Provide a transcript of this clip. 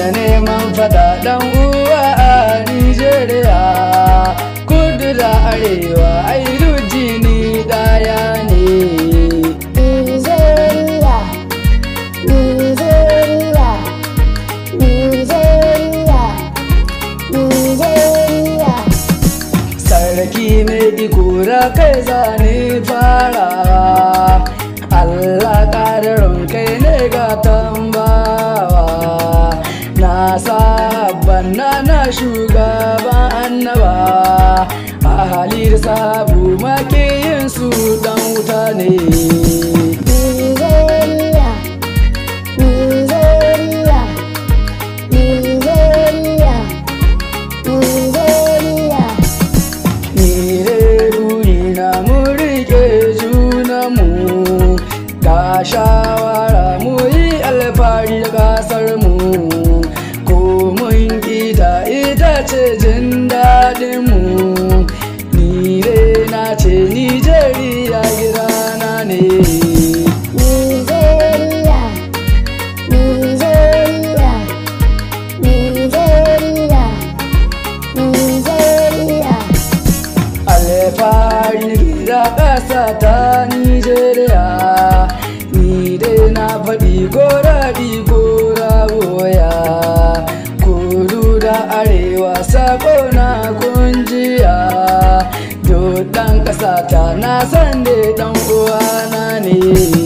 da neman fada dan uwa a Nijeriya kudu da arewa ai ni daya ne Nijeriya Nijeriya Nijeriya Nijeriya Sarki mai ikura kai zane fara na shugaban annaba a halir sabu makiyin su dan wuta ne ce jin daɗin mu ni na ce Nijeriya gidana ne ƙasa ta Nijeriya, ni dai na faɗi goraɗi sako na kunjiya duk ɗan ƙasata na san dai ɗan uwana